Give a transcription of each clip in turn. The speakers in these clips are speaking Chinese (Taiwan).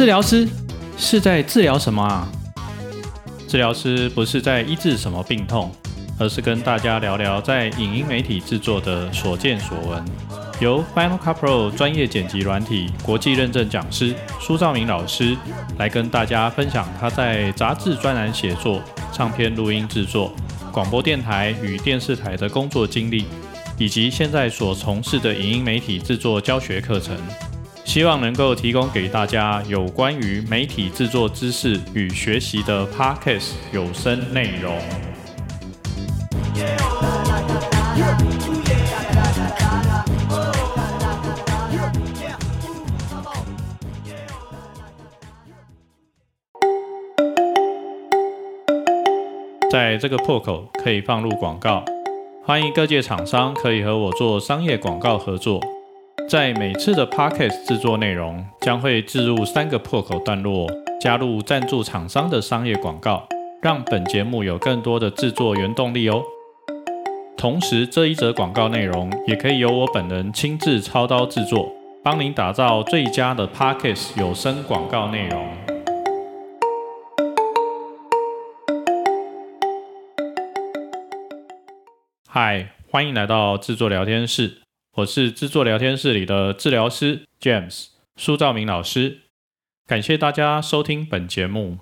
製聊師是在治療什麼啊？製聊師不是在醫治什麼病痛，而是跟大家聊聊在影音媒體製作的所見所聞。由 Final Cut Pro 專業剪輯軟體國際認證講師蘇兆民老師來跟大家分享他在雜誌專欄寫作、唱片錄音製作、廣播電台與電視台的工作經歷，以及現在所從事的影音媒體製作教學課程。希望能夠提供給大家有關於媒體製作知識與學習的 Podcast 有聲內容。在這個破口可以放入廣告，歡迎各界廠商可以和我做商業廣告合作。在每次的 Podcast 製作內容，將會置入三個破口段落，加入贊助廠商的商業廣告，讓本節目有更多的製作原動力哦。同時，這一則廣告內容也可以由我本人親自操刀製作，幫您打造最佳的 Podcast 有聲廣告內容。嗨，歡迎來到製作聊天室。我是製作聊天室裡的製聊師 James 蘇兆民老師，感謝大家收聽本節目。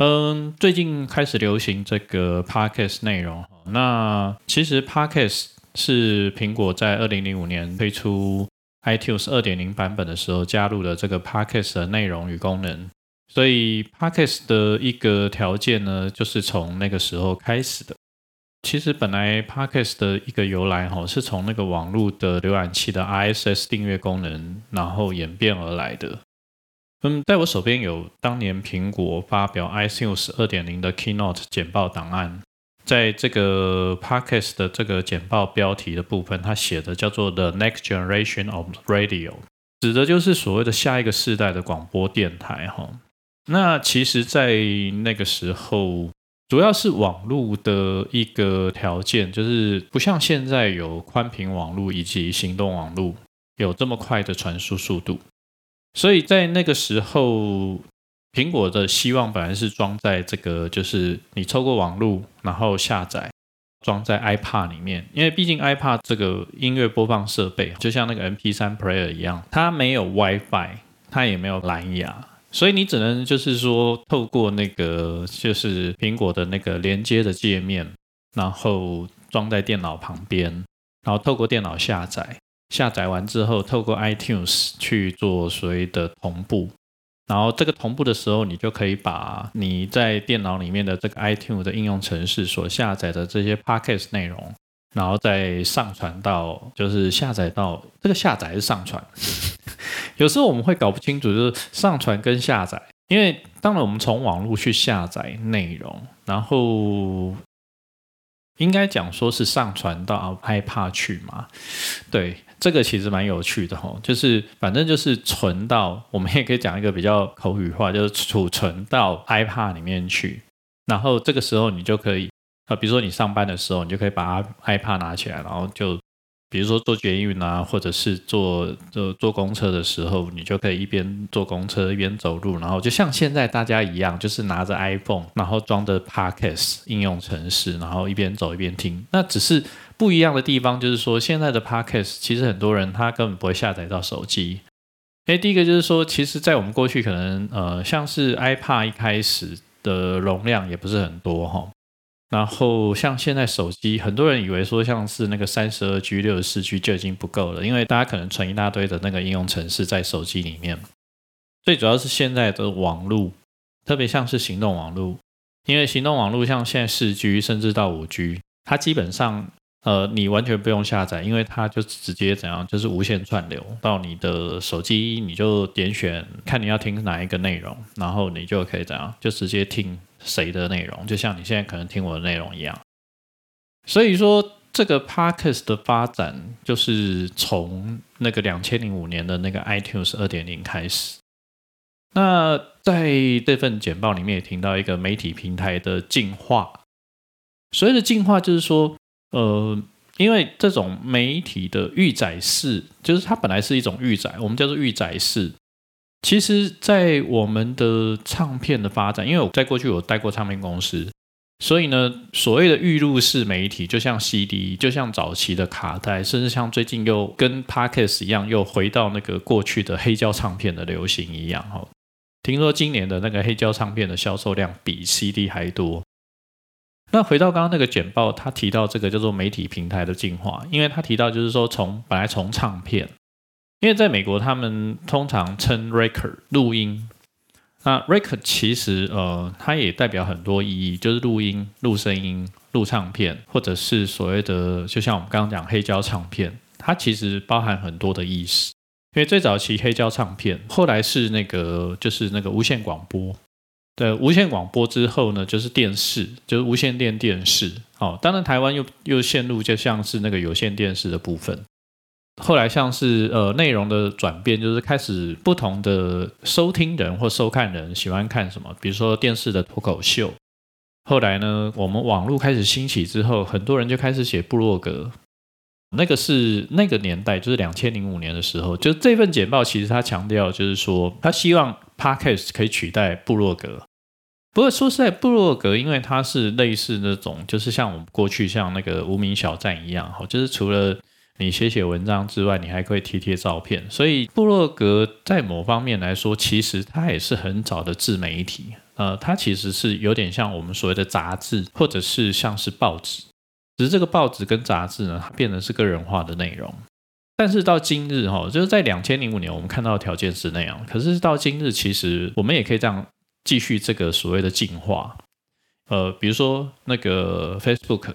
嗯，最近開始流行這個 Podcast 內容。那其實 Podcast 是蘋果在二零零五年推出 iTunes 二點零版本的時候加入了這個 Podcast 的內容與功能，所以 Podcast 的一個條件呢，就是從那個時候開始的。其實本來 Podcast 的一個由來哈，是從那個網絡的瀏覽器的 RSS 訂閱功能，然後演變而來的。嗯，在我手邊有當年蘋果發表 iTunes 二點零的 Keynote 簡報檔案，在這個 Podcast 的這個簡報標題的部分，它寫的叫做 The Next Generation of Radio，指的就是所謂的下一個世代的廣播電台哈。那其實，在那個時候。主要是網路的一個條件，就是不像現在有寬頻網路以及行動網路有這麼快的傳輸速度，所以在那個時候，蘋果的希望本來是裝在這個，就是你透過網路然後下載裝在 iPod 裡面，因為畢竟 iPod 這個音樂播放設備就像那個 MP3 Player 一樣，它沒有 WiFi，它也沒有藍牙。所以你只能就是說，透過那個就是蘋果的那個連接的界面，然後裝在電腦旁邊，然後透過電腦下載，下載完之後，透過 iTunes 去做所謂的同步，然後這個同步的時候，你就可以把你在電腦裡面的這個 iTunes 的應用程式所下載的這些 Podcast 內容，然後再上傳到，就是下載到這個下載是上傳。有時候我們會搞不清楚，就是上傳跟下載，因為當然我們從網絡去下載內容，然後應該講說是上傳到 iPad 去嘛？對，這個其實蠻有趣的吼，就是反正就是存到，我們也可以講一個比較口語化，就是儲存到 iPad 裡面去，然後這個時候你就可以，啊，比如說你上班的時候，你就可以把 iPad 拿起來，然後就。比如說坐捷運啊，或者是坐坐坐公車的時候，你就可以一邊坐公車一邊走路，然後就像現在大家一樣，就是拿着 iPhone，然後裝着 Podcast 應用程式，然後一邊走一邊聽。那只是不一樣的地方，就是說現在的 Podcast 其實很多人他根本不會下載到手機。哎，第一個就是說，其實，在我們過去可能呃，像是 iPad 一開始的容量也不是很多哈、哦。然後像現在手機，很多人以為說像是那個三十二 G、六十四 G 就已經不夠了，因為大家可能存一大堆的那個應用程式在手機裡面。最主要是現在的網絡，特別像是行動網絡，因為行動網絡像現在四 G 甚至到五 G，它基本上呃，你完全不用下載，因為它就直接怎樣，就是無線串流到你的手機，你就點選看你要聽哪一個內容，然後你就可以怎樣，就直接聽。誰的內容，就像你現在可能聽我的內容一樣。所以說，這個 Podcast 的發展就是從那個兩千零五年的那個 iTunes 二點零開始。那在這份簡報裡面也聽到一個媒體平台的進化，所謂的進化就是說，呃，因為這種媒體的預載式，就是它本來是一種預載，我們叫做預載式。其實，在我們的唱片的發展，因為我在過去我帶過唱片公司，所以呢，所謂的預錄式媒體，就像 CD，就像早期的卡帶，甚至像最近又跟 Podcast 一樣，又回到那個過去的黑膠唱片的流行一樣。哈，聽說今年的那個黑膠唱片的銷售量比 CD 還多。那回到剛剛那個簡報，他提到這個叫做媒體平台的進化，因為他提到就是說，從本來從唱片。因為在美國，他們通常稱 record 錄音。那 record 其實呃，它也代表很多意義，就是錄音、錄聲音、錄唱片，或者是所謂的，就像我們剛剛講黑膠唱片，它其實包含很多的意思。因為最早期黑膠唱片，後來是那個就是那個無線廣播。對，無線廣播之後呢，就是電視，就是無線電電視。哦，當然台灣又又陷入就像是那個有線電視的部分。後來像是呃內容的轉變，就是開始不同的收聽人或收看人喜歡看什麼，比如說電視的脫口秀。後來呢，我們網絡開始興起之後，很多人就開始寫部落格。那個是那個年代，就是兩千零五年的時候，就這份簡報其實他強調就是說，他希望 Podcast 可以取代部落格。不過說實在，部落格因為它是類似那種，就是像我們過去像那個無名小站一樣，好，就是除了。你寫寫文章之外，你還可以貼貼照片，所以部落格在某方面來說，其實它也是很早的自媒體。呃，它其實是有點像我們所謂的雜誌，或者是像是報紙，只是這個報紙跟雜誌呢，它變成是個人化的內容。但是到今日哈、哦，就是在兩千零五年，我們看到的條件是那樣。可是到今日，其實我們也可以這樣繼續這個所謂的進化。呃，比如說那個 Facebook。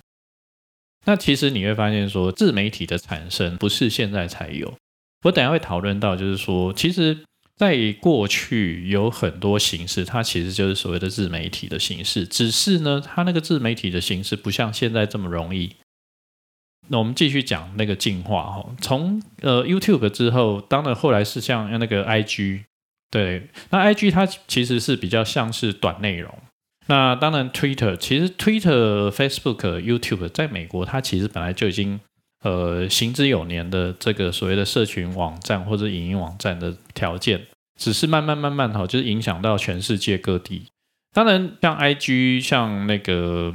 那其實你會發現，說自媒體的產生不是現在才有。我等一下會討論到，就是說，其實在過去有很多形式，它其實就是所謂的自媒體的形式。只是呢，它那個自媒體的形式不像現在這麼容易。那我們繼續講那個進化哦，從呃 YouTube 之後，當然後來是像那個 IG，對，那 IG 它其實是比較像是短內容。那當然，Twitter 其實 Twitter、Facebook、YouTube 在美國，它其實本來就已經呃行之有年的這個所謂的社群網站或者影音網站的條件，只是慢慢慢慢哈，就是影響到全世界各地。當然，像 IG，像那個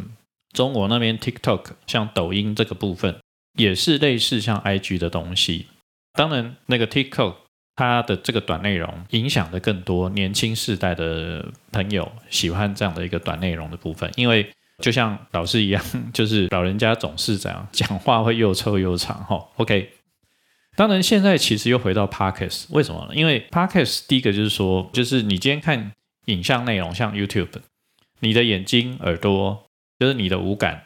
中國那邊 TikTok，像抖音這個部分，也是類似像 IG 的東西。當然，那個 TikTok。他的這個短內容影響的更多年輕世代的朋友喜歡這樣的一個短內容的部分，因為就像老師一樣，就是老人家總是這樣講話會又臭又長哈、哦。OK，當然現在其實又回到 Podcast，為什麼呢？因為 Podcast 第一個就是說，就是你今天看影像內容，像 YouTube，你的眼睛、耳朵，就是你的五感，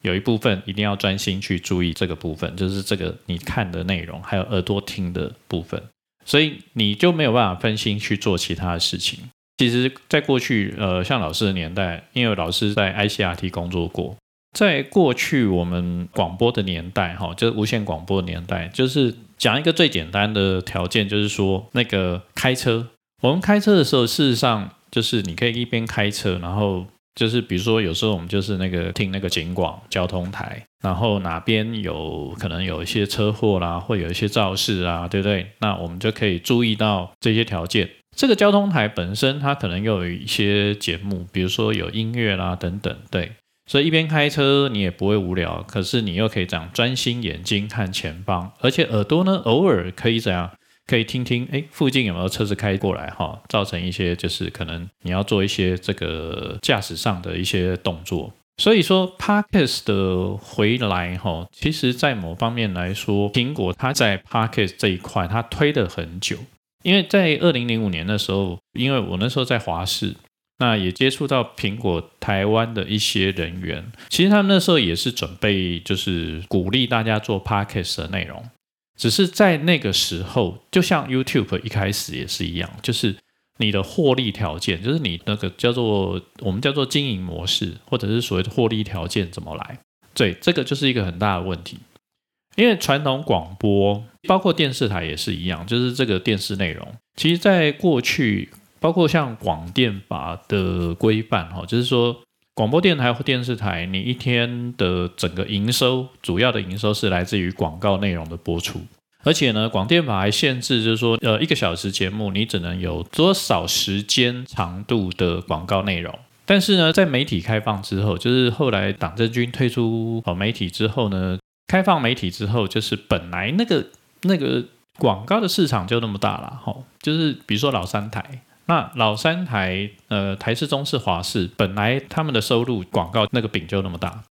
有一部分一定要專心去注意這個部分，就是這個你看的內容，還有耳朵聽的部分。所以你就沒有辦法分心去做其他的事情。其實，在過去，呃，像老師的年代，因為老師在 ICRT 工作過，在過去我們廣播的年代，哈，就是無線廣播的年代，就是講一個最簡單的條件，就是說那個開車，我們開車的時候，事實上就是你可以一邊開車，然後就是比如說有時候我們就是那個聽那個警廣交通台。然後哪邊有可能有一些車禍啦，會有一些肇事啊，對不對？那我們就可以注意到這些條件。這個交通台本身它可能又有一些節目，比如說有音樂啦等等，對。所以一邊開車你也不會無聊，可是你又可以這樣專心眼睛看前方，而且耳朵呢偶爾可以怎樣，可以聽聽，哎，附近有沒有車子開過來哈，造成一些就是可能你要做一些這個駕駛上的一些動作。所以說，Podcast 的回來，哈，其實在某方面來說，蘋果它在 Podcast 這一塊它推了很久。因為在二零零五年的時候，因為我那時候在華視，那也接觸到蘋果台灣的一些人員，其實他們那時候也是準備，就是鼓勵大家做 Podcast 的內容，只是在那個時候，就像 YouTube 一開始也是一樣，就是。你的獲利條件就是你那個叫做我們叫做經營模式，或者是所謂的獲利條件怎麼來？對，這個就是一個很大的問題。因為傳統廣播包括電視台也是一樣，就是這個電視內容，其實在過去，包括像廣電法的規範，哈，就是說廣播電台或電視台，你一天的整個營收，主要的營收是來自於廣告內容的播出。而且呢，廣電法還限制，就是說，呃，一個小時節目你只能有多少時間長度的廣告內容。但是呢，在媒體開放之後，就是後來黨政軍退出哦媒體之後呢，開放媒體之後，就是本來那個那個廣告的市場就那麼大了，哈、哦，就是比如說老三台，那老三台，呃，台視、中視、華視，本來他們的收入廣告那個餅就那麼大。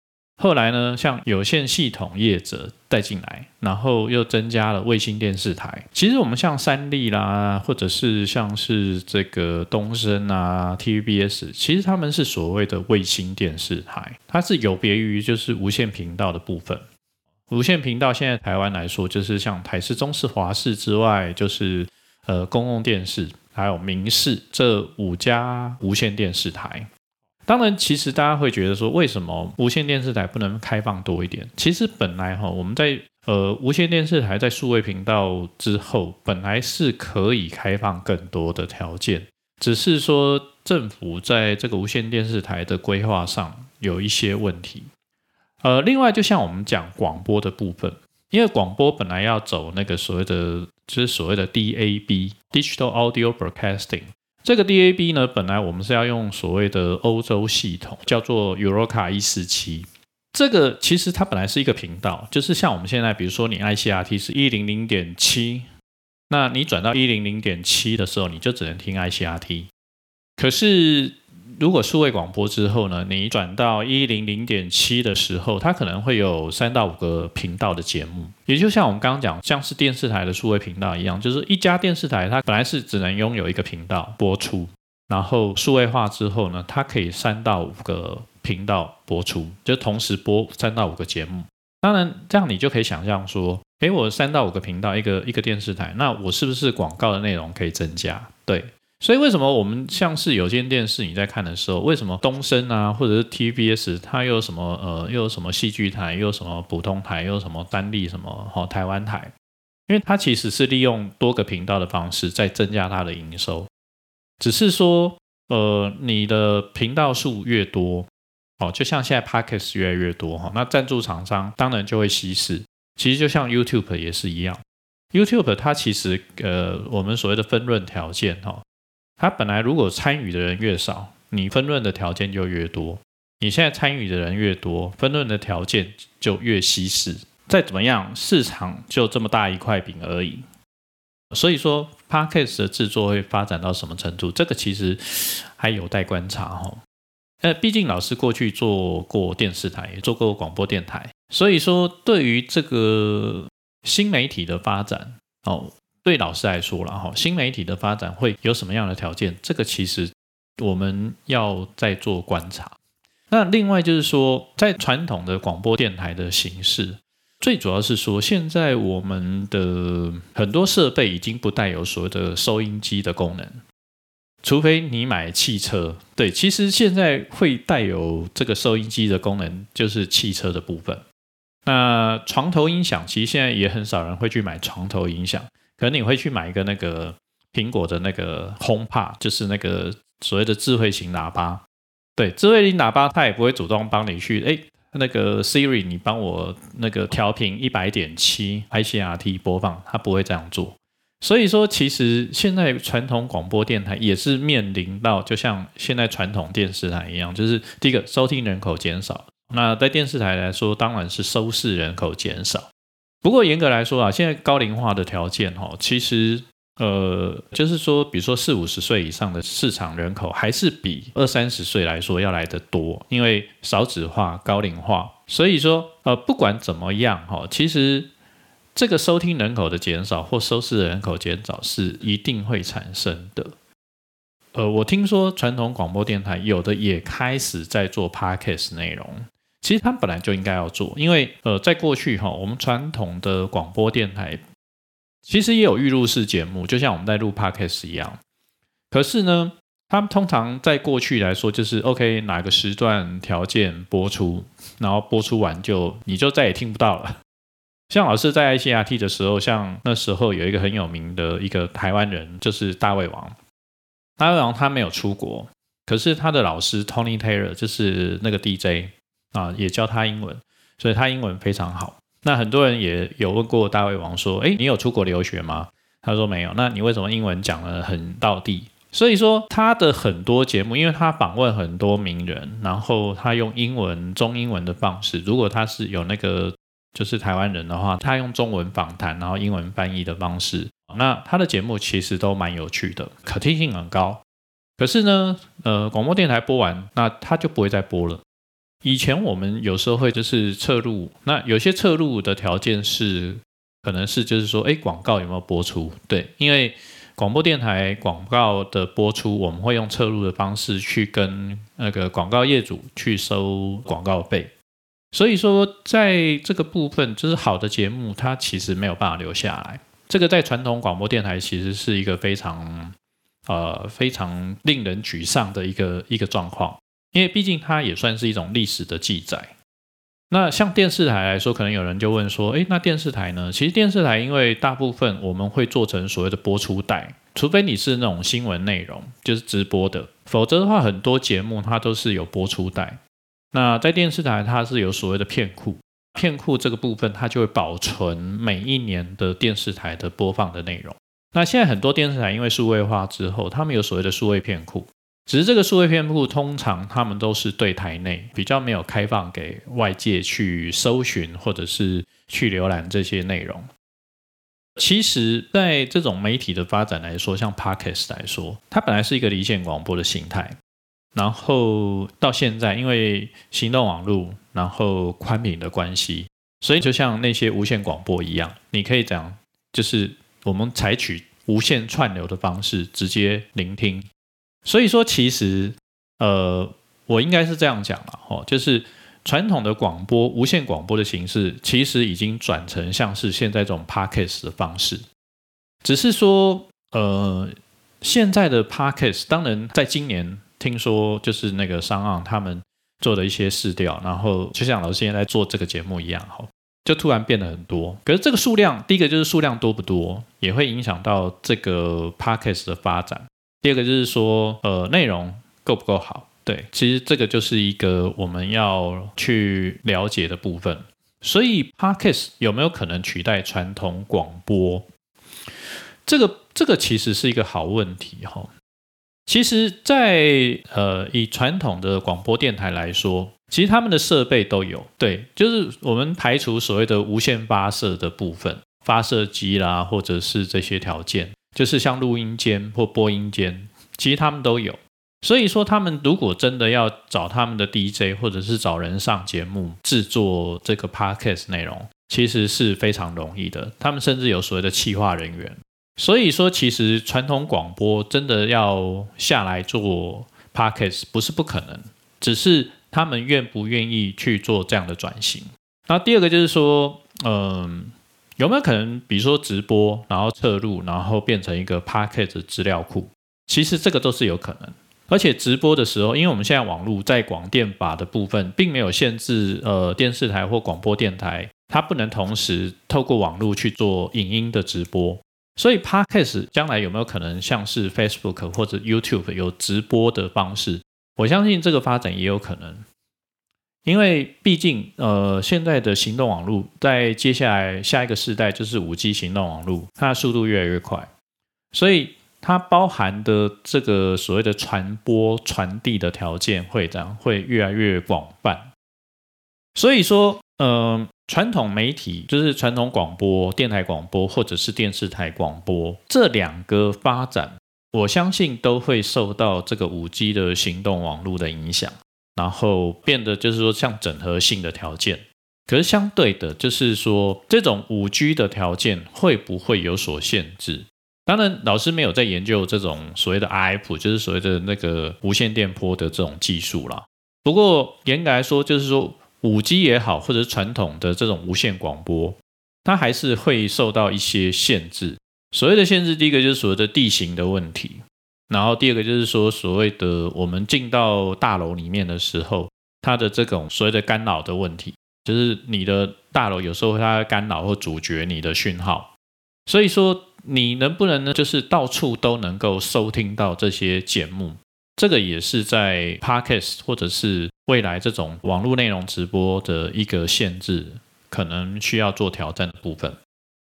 後來呢，像有線系統業者帶進來，然後又增加了衛星電視台。其實我們像三立啦，或者是像是這個東森啊、TVBS，其實他們是所謂的衛星電視台，它是有別於就是無線頻道的部分。無線頻道現在台灣來說，就是像台視、中視、華視之外，就是呃公共電視還有民視這五家無線電視台。當然，其實大家會覺得說，為什麼無線電視台不能開放多一點？其實本來哈，我們在呃無線電視台在數位頻道之後，本來是可以開放更多的條件，只是說政府在這個無線電視台的規劃上有一些問題。呃，另外就像我們講廣播的部分，因為廣播本來要走那個所謂的就是所謂的 DAB（Digital Audio Broadcasting）。這個 DAB 呢，本來我們是要用所謂的歐洲系統，叫做 Euroca 一四七。這個其實它本來是一個頻道，就是像我們現在，比如說你 ICRT 是一零零點七，那你轉到一零零點七的時候，你就只能聽 ICRT。可是如果數位廣播之後呢，你轉到一零零點七的時候，它可能會有三到五個頻道的節目，也就像我們剛剛講，像是電視台的數位頻道一樣，就是一家電視台它本來是只能擁有一個頻道播出，然後數位化之後呢，它可以三到五個頻道播出，就同時播三到五個節目。當然，這樣你就可以想象說，誒，我三到五個頻道，一個一個電視台，那我是不是廣告的內容可以增加？對。所以為什麼我們像是有線電視，你在看的時候，為什麼東森啊，或者是 TVBS，它又有什麼呃，又有什麼戲劇台，又有什麼普通台，又有什麼單立什麼好、哦、台灣台？因為它其實是利用多個頻道的方式在增加它的營收。只是說，呃，你的頻道數越多，哦，就像現在 Podcast 越來越多哈、哦，那贊助廠商當然就會稀釋。其實就像 YouTube 也是一樣，YouTube 它其實呃，我們所謂的分潤條件哈、哦。他本來如果參與的人越少，你分論的條件就越多；你現在參與的人越多，分論的條件就越稀釋。再怎麼樣，市場就這麼大一塊餅而已。所以說 Podcast 的製作會發展到什麼程度，這個其實還有待觀察哈、哦。呃，畢竟老師過去做過電視台，也做過廣播電台，所以說對於這個新媒體的發展，哦。對老師來說了哈，新媒體的發展會有什麼樣的條件？這個其實我們要再做觀察。那另外就是說，在傳統的廣播電台的形式，最主要是說，現在我們的很多設備已經不帶有所謂的收音機的功能，除非你買汽車。對，其實現在會帶有這個收音機的功能，就是汽車的部分。那床頭音響，其實現在也很少人會去買床頭音響。可能你會去買一個那個蘋果的那個 HomePod，就是那個所謂的智慧型喇叭。對，智慧型喇叭它也不會主動幫你去，哎，那個 Siri，你幫我那個調頻一百點七，I C R T 播放，它不會這樣做。所以說，其實現在傳統廣播電台也是面臨到，就像現在傳統電視台一樣，就是第一個收聽人口減少。那在電視台來說，當然是收視人口減少。不過嚴格來說啊，現在高齡化的條件、哦、其實呃，就是說，比如說四五十歲以上的市場人口，還是比二三十歲來說要來得多，因為少子化、高齡化，所以說呃，不管怎麼樣哈，其實這個收聽人口的減少或收視的人口減少是一定會產生的。呃，我聽說傳統廣播電台有的也開始在做 Podcast 內容。其實他本來就應該要做，因為呃，在過去哈、哦，我們傳統的廣播電台其實也有預錄式節目，就像我們在錄 Podcast 一樣。可是呢，他們通常在過去來說，就是 OK 哪個時段條件播出，然後播出完就你就再也聽不到了。像老師在 ICRT 的時候，像那時候有一個很有名的一個台灣人，就是大衛王。大衛王他沒有出國，可是他的老師 Tony Taylor 就是那個 DJ。啊，也教他英文，所以他英文非常好。那很多人也有問過大衛王說：“哎、欸，你有出國留學嗎？”他說：“沒有。”那你為什麼英文講得很道地？所以說他的很多節目，因為他訪問很多名人，然後他用英文、中英文的方式。如果他是有那個就是台灣人的話，他用中文訪談，然後英文翻譯的方式。那他的節目其實都蠻有趣的，可聽性很高。可是呢，呃，廣播電台播完，那他就不會再播了。以前我們有時候會就是側錄，那有些側錄的條件是，可能是就是說，哎，廣告有沒有播出？對，因為廣播電台廣告的播出，我們會用側錄的方式去跟那個廣告業主去收廣告費。所以說，在這個部分，就是好的節目，它其實沒有辦法留下來。這個在傳統廣播電台其實是一個非常呃非常令人沮喪的一個一個狀況。因為畢竟它也算是一種歷史的記載。那像電視台來說，可能有人就問說：“誒，那電視台呢？”其實電視台因為大部分我們會做成所謂的播出帶，除非你是那種新聞內容就是直播的，否則的話很多節目它都是有播出帶。那在電視台它是有所謂的片庫，片庫這個部分它就會保存每一年的電視台的播放的內容。那現在很多電視台因為數位化之後，他們有所謂的數位片庫。只是這個數位片庫，通常他們都是對台內比較沒有開放給外界去搜尋或者是去瀏覽這些內容。其實，在這種媒體的發展來說，像 Podcast 來說，它本來是一個離線廣播的形態。然後到現在，因為行動網絡然後寬頻的關係，所以就像那些無線廣播一樣，你可以這樣，就是我們採取無線串流的方式，直接聆聽。所以說，其實，呃，我應該是這樣講了哦，就是傳統的廣播、無線廣播的形式，其實已經轉成像是現在這種 Podcast 的方式。只是說，呃，現在的 Podcast，當然，在今年聽說就是那個商案，他們做了一些市調，然後就像老師現在，在做這個節目一樣，哈，就突然變得很多。可是這個數量，第一個就是數量多不多，也會影響到這個 Podcast 的發展。第二個就是說，呃，內容夠不夠好？對，其實這個就是一個我們要去了解的部分。所以 Podcast 有沒有可能取代傳統廣播？這個，這個其實是一個好問題哈、哦。其實在，在呃，以傳統的廣播電台來說，其實他們的設備都有，對，就是我們排除所謂的無線發射的部分，發射機啦，或者是這些條件。就是像錄音間或播音間，其實他們都有。所以說，他們如果真的要找他們的 DJ，或者是找人上節目製作這個 Podcast 內容，其實是非常容易的。他們甚至有所謂的企劃人員。所以說，其實傳統廣播真的要下來做 Podcast 不是不可能，只是他們願不願意去做這樣的轉型。那第二個就是說，嗯、呃。有沒有可能，比如說直播，然後側錄，然後變成一個 Podcast 資料庫？其實這個都是有可能。而且直播的時候，因為我們現在網絡在廣電法的部分並沒有限制，呃，電視台或廣播電台它不能同時透過網絡去做影音的直播，所以 Podcast 將來有沒有可能像是 Facebook 或者 YouTube 有直播的方式？我相信這個發展也有可能。因為畢竟，呃，現在的行動網絡在接下來下一個世代就是五 G 行動網絡，它的速度越來越快，所以它包含的這個所謂的傳播、傳遞的條件會怎樣，會越來越廣泛。所以說，嗯，傳統媒體就是傳統廣播、電台廣播或者是電視台廣播這兩個發展，我相信都會受到這個五 G 的行動網絡的影響。然後變得就是說像整合性的條件，可是相對的，就是說這種五 G 的條件會不會有所限制？當然，老師沒有在研究這種所謂的 IIP，就是所謂的那個無線電波的這種技術啦。不過嚴格來說，就是說五 G 也好，或者傳統的這種無線廣播，它還是會受到一些限制。所謂的限制，第一個就是所謂的地形的問題。然後第二個就是說，所謂的我們進到大樓裡面的時候，它的這種所謂的干擾的問題，就是你的大樓有時候它會干擾或阻絕你的訊號，所以說你能不能呢，就是到處都能夠收聽到這些節目，這個也是在 Podcast 或者是未來這種網絡內容直播的一個限制，可能需要做挑戰的部分。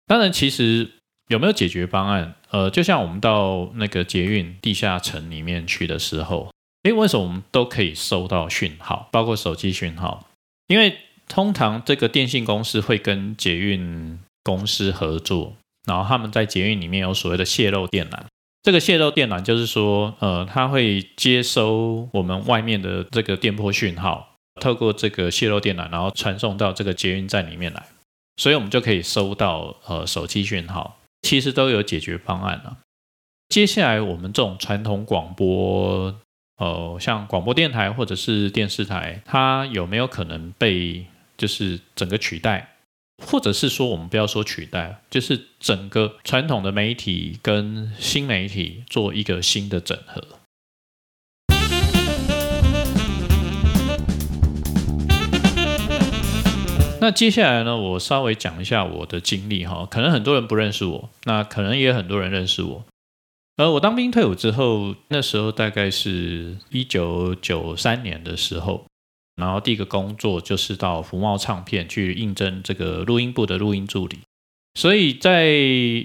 當然，其實有沒有解決方案？呃，就像我們到那個捷運地下城裡面去的時候，哎，為什麼我們都可以收到訊號，包括手機訊號？因為通常這個電信公司會跟捷運公司合作，然後他們在捷運裡面有所謂的洩漏電纜。這個洩漏電纜就是說，呃，它會接收我們外面的這個電波訊號，透過這個洩漏電纜，然後傳送到這個捷運站裡面來，所以我們就可以收到呃手機訊號。其實都有解決方案了。接下來，我們這種傳統廣播，呃，像廣播電台或者是電視台，它有沒有可能被就是整個取代？或者是說，我們不要說取代，就是整個傳統的媒體跟新媒體做一個新的整合？那接下來呢，我稍微講一下我的經歷哈。可能很多人不認識我，那可能也很多人認識我。而我當兵退伍之後，那時候大概是一九九三年的時候，然後第一個工作就是到福茂唱片去應徵這個錄音部的錄音助理。所以在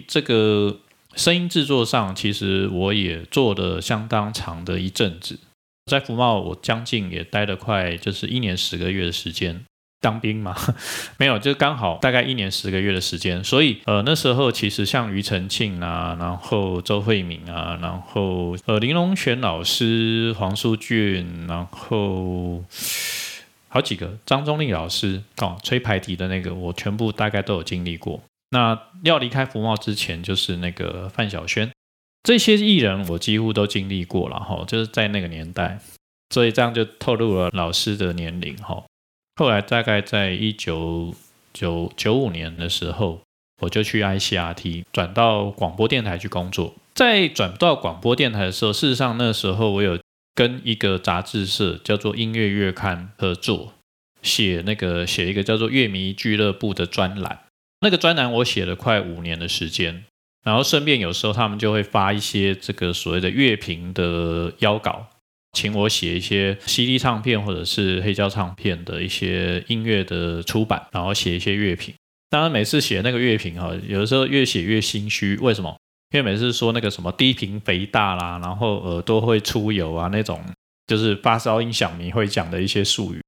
這個聲音制作上，其實我也做了相當長的一陣子。在福茂，我將近也待了快就是一年十個月的時間。當兵嘛，沒有，就剛好大概一年十個月的時間，所以呃那時候其實像庾澄慶啊，然後周慧敏啊，然後呃林隆璇老師、黃舒駿，然後好幾個張忠利老師哦，吹排笛的那個，我全部大概都有經歷過。那要離開福茂之前，就是那個范曉萱，這些藝人我幾乎都經歷過了哈，就是在那個年代，所以這樣就透露了老師的年齡哈。後來大概在一九九九五年的時候，我就去 ICRT 轉到廣播電台去工作。在轉到廣播電台的時候，事實上那時候我有跟一個雜誌社叫做《音樂月刊》合作，寫那個寫一個叫做《樂迷俱樂部》的專欄。那個專欄我寫了快五年的時間，然後順便有時候他們就會發一些這個所謂的樂評的邀稿。請我寫一些 CD 唱片或者是黑膠唱片的一些音樂的出版，然後寫一些樂評。當然，每次寫那個樂評哈、哦，有的時候越寫越心虛。為什麼？因為每次說那個什麼低頻肥大啦，然後耳朵會出油啊，那種就是發燒音響迷會講的一些術語。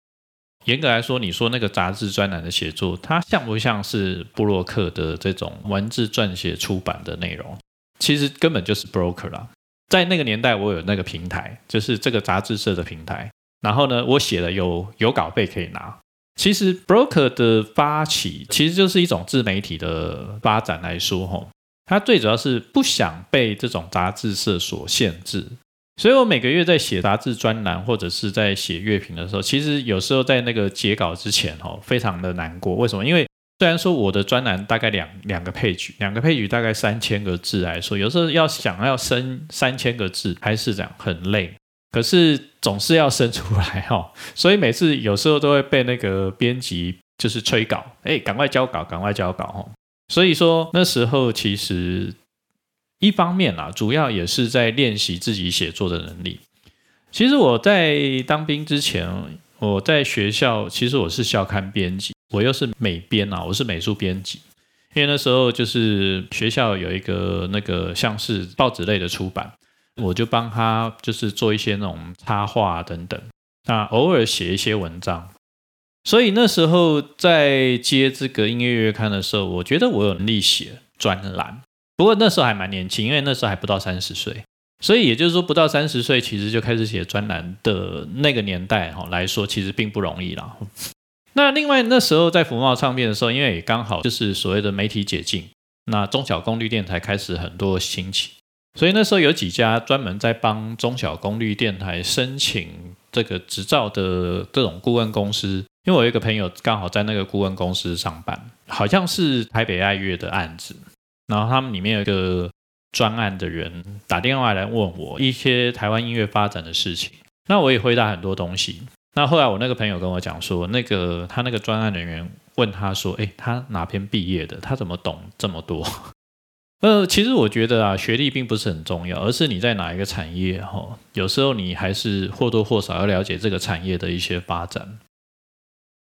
嚴格來說，你說那個雜誌專欄的寫作，它像不像是部落客的這種文字撰寫出版的內容？其實根本就是 broker 啦。在那個年代，我有那個平台，就是這個雜誌社的平台。然後呢，我寫了有有稿費可以拿。其實 broker 的發起，其實就是一種自媒體的發展來說，哈，它最主要是不想被這種雜誌社所限制。所以我每個月在寫雜誌專欄或者是在寫樂評的時候，其實有時候在那個截稿之前，哈，非常的難過。為什麼？因為雖然說我的專欄大概兩兩個 page，兩個 page 大概三千個字來說，有時候要想要生三千個字還是這樣很累，可是總是要生出來哈、哦。所以每次有時候都會被那個編輯就是催稿，誒、欸，趕快交稿，趕快交稿哦。所以說那時候其實一方面啊，主要也是在練習自己寫作的能力。其實我在當兵之前。我在學校，其實我是校刊編輯，我又是美編啊，我是美術編輯。因為那時候就是學校有一個那個像是報紙類的出版，我就幫他就是做一些那種插畫等等，那偶爾寫一些文章。所以那時候在接這個音樂月刊的時候，我覺得我有能力寫專欄。不過那時候還蠻年輕，因為那時候還不到三十歲。所以也就是說，不到三十歲其實就開始寫專欄的那個年代齁來說，其實並不容易啦。那另外那時候在福茂唱片的時候，因為也剛好就是所謂的媒體解禁，那中小功率電台開始很多興起，所以那時候有幾家專門在幫中小功率電台申請這個執照的各種顧問公司。因為我有一個朋友剛好在那個顧問公司上班，好像是台北愛樂的案子，然後他們裡面有一個。專案的人打電話來問我一些台灣音樂發展的事情，那我也回答很多東西。那後來我那個朋友跟我講說，那個他那個專案人員問他說：“誒、欸，他哪邊畢業的？他怎麼懂這麼多？”呃，其實我覺得啊，學歷並不是很重要，而是你在哪一個產業哈、哦，有時候你還是或多或少要了解這個產業的一些發展。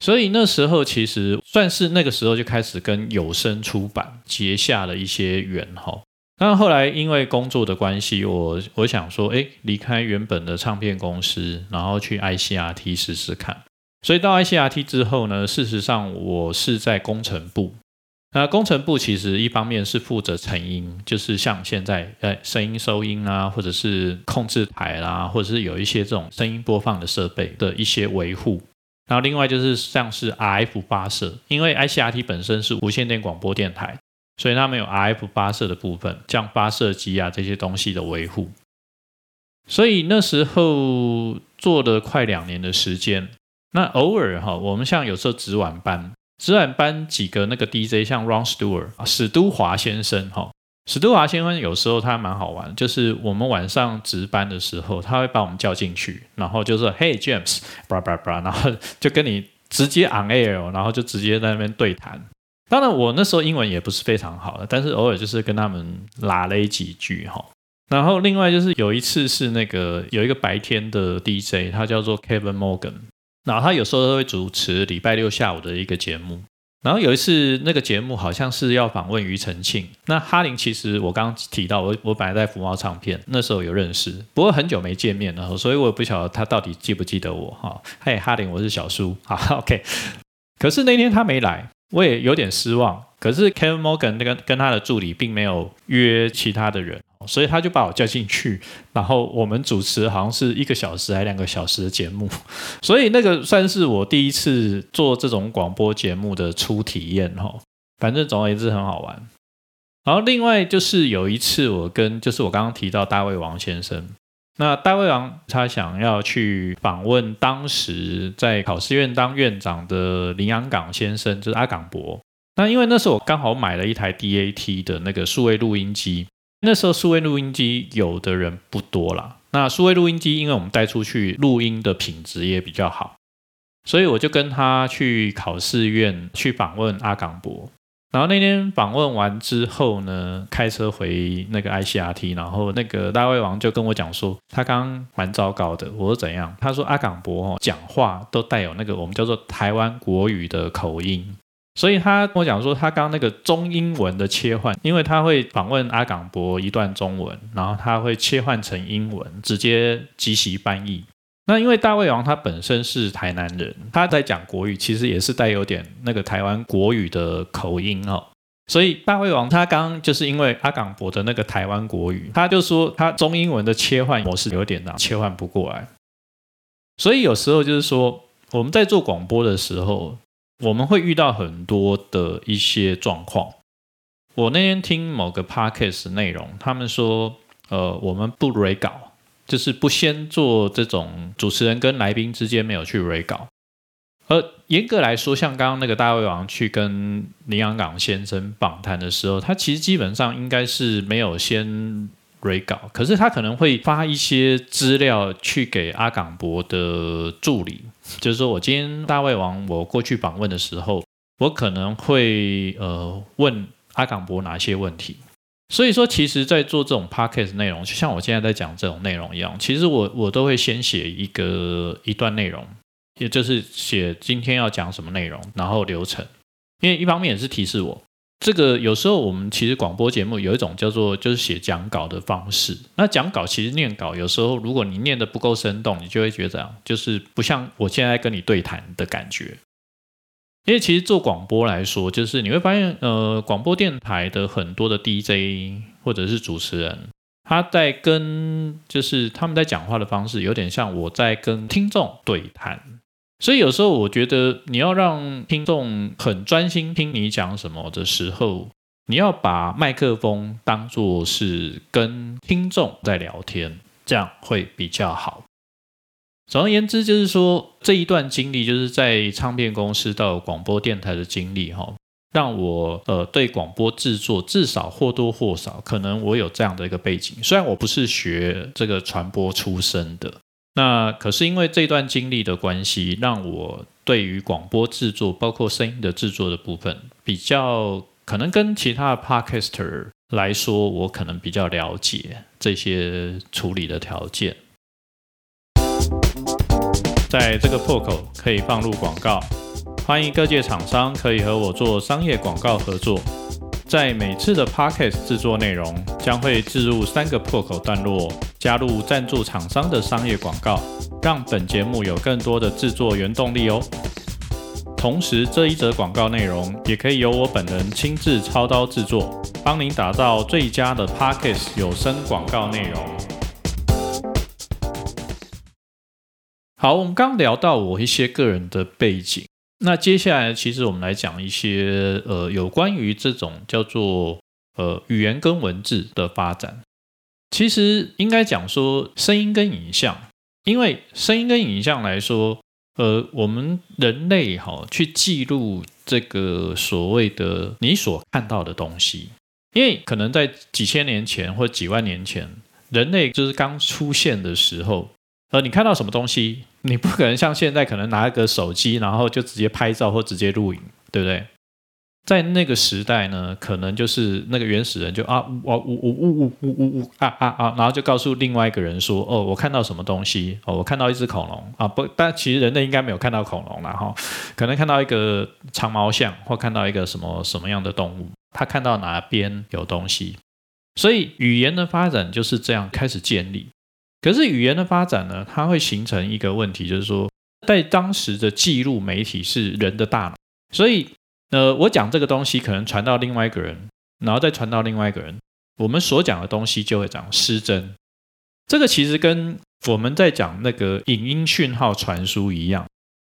所以那時候其實算是那個時候就開始跟有聲出版結下了一些緣哈。哦那後來因為工作的關係，我我想說，誒，離開原本的唱片公司，然後去 ICRT 試試看。所以到 ICRT 之後呢，事實上我是在工程部。那工程部其實一方面是負責成音，就是像現在哎聲音收音啊，或者是控制台啦，啊，或者是有一些這種聲音播放的設備的一些維護。然後另外就是像是 RF 發射，因為 ICRT 本身是無線電廣播電台。所以他們有 RF 發射的部分，像發射機啊這些東西的維護。所以那時候做了快兩年的時間。那偶爾哈、哦，我們像有時候值晚班，值晚班幾個那個 DJ 像 Ron Stewart、啊、史都華先生哈、哦，史都華先生有時候他還蠻好玩，就是我們晚上值班的時候，他會把我們叫進去，然後就說：“Hey James，bra bra bra”，然後就跟你直接 on air，然後就直接在那邊對談。當然，我那時候英文也不是非常好的，但是偶爾就是跟他們拉了幾句哈。然後另外就是有一次是那個有一個白天的 DJ，他叫做 Kevin Morgan，然後他有時候會主持禮拜六下午的一個節目。然後有一次那個節目好像是要訪問庾澄慶，那哈林其實我剛提到我我本來在福茂唱片那時候有認識，不過很久沒見面了，所以我也不曉得他到底記不記得我哈。嘿，哈林，我是小蘇，好 OK。可是那天他沒來。我也有點失望，可是 Kevin Morgan 那個跟他的助理並沒有約其他的人，所以他就把我叫進去，然後我們主持好像是一個小時還兩個小時的節目，所以那個算是我第一次做這種廣播節目的初體驗哦。反正總而言之很好玩。然後另外就是有一次我跟就是我剛剛提到大衛王先生。那大衛王他想要去訪問當時在考試院當院長的林洋港先生，就是阿港伯。那因為那時候我剛好買了一台 DAT 的那個數位錄音機，那時候數位錄音機有的人不多啦。那數位錄音機，因為我們帶出去錄音的品質也比較好，所以我就跟他去考試院去訪問阿港伯。然後那天訪問完之後呢，開車回那個 ICRT，然後那個大衛王就跟我講說，他剛，剛蠻糟糕的，我說怎樣？他說阿港伯哦，講話都帶有那個我們叫做台灣國語的口音，所以他跟我講說，他剛那個中英文的切換，因為他會訪問阿港伯一段中文，然後他會切換成英文，直接即席翻譯。那因為大衛王他本身是台南人，他在講國語，其實也是帶有點那個台灣國語的口音哦。所以大衛王他剛，剛就是因為阿港伯的那個台灣國語，他就說他中英文的切換模式有點難切換不過來。所以有時候就是說我們在做廣播的時候，我們會遇到很多的一些狀況。我那天聽某個 podcast 內容，他們說呃，我們不改稿。就是不先做這種主持人跟來賓之間沒有去 re 稿。而嚴格來說，像剛剛那個大衛王去跟林洋港先生訪談的時候，他其實基本上應該是沒有先 re 稿，可是他可能會發一些資料去給阿港伯的助理，就是說我今天大衛王我過去訪問的時候，我可能會呃問阿港伯哪些問題。所以說，其實，在做這種 Podcast 內容，就像我現在在講這種內容一樣，其實我我都會先寫一個一段內容，也就是寫今天要講什麼內容，然後流程。因為一方面也是提示我，這個有時候我們其實廣播節目有一種叫做就是寫講稿的方式。那講稿其實念稿，有時候如果你念得不夠生動，你就會覺得，就是不像我現在跟你對談的感覺。因為其實做廣播來說，就是你會發現，呃，廣播電台的很多的 DJ 或者是主持人，他在跟就是他們在講話的方式，有點像我在跟聽眾對談。所以有時候我覺得，你要讓聽眾很專心聽你講什麼的時候，你要把麥克風當作是跟聽眾在聊天，這樣會比較好。總而言之，就是說，這一段經歷，就是在唱片公司到廣播電台的經歷，哈，讓我呃對廣播製作至少或多或少，可能我有這樣的一個背景。雖然我不是學這個傳播出身的，那可是因為這段經歷的關係，讓我對於廣播製作，包括聲音的制作的部分，比較可能跟其他的 Podcaster 來說，我可能比較了解這些處理的條件。在這個破口可以放入廣告，歡迎各界廠商可以和我做商業廣告合作。在每次的 Podcast 製作內容，將會置入三個破口段落，加入贊助廠商的商業廣告，讓本節目有更多的製作原動力哦。同時，這一則廣告內容也可以由我本人親自操刀製作，幫您打造最佳的 Podcast 有聲廣告內容。好，我們剛聊到我一些個人的背景，那接下來其實我們來講一些呃有關於這種叫做呃語言跟文字的發展。其實應該講說聲音跟影像，因為聲音跟影像來說，呃，我們人類哈、哦、去記錄這個所謂的你所看到的東西。因為可能在幾千年前或幾萬年前，人類就是剛出現的時候。呃，而你看到什麼東西？你不可能像現在可能拿一個手機，然後就直接拍照或直接錄影，對不對？在那個時代呢，可能就是那個原始人就啊嗚嗚嗚嗚嗚嗚嗚啊啊啊，然後就告訴另外一個人說：“哦，我看到什麼東西？哦，我看到一隻恐龍啊！不，但其實人類應該沒有看到恐龍啦哈、哦，可能看到一個長毛象，或看到一個什麼什麼樣的動物？他看到哪邊有東西？所以語言的發展就是這樣開始建立。”可是語言的發展呢，它會形成一個問題，就是說，在當時的記錄媒體是人的大腦，所以呃，我講這個東西可能傳到另外一個人，然後再傳到另外一個人，我們所講的東西就會講失真。這個其實跟我們在講那個影音訊號傳輸一樣，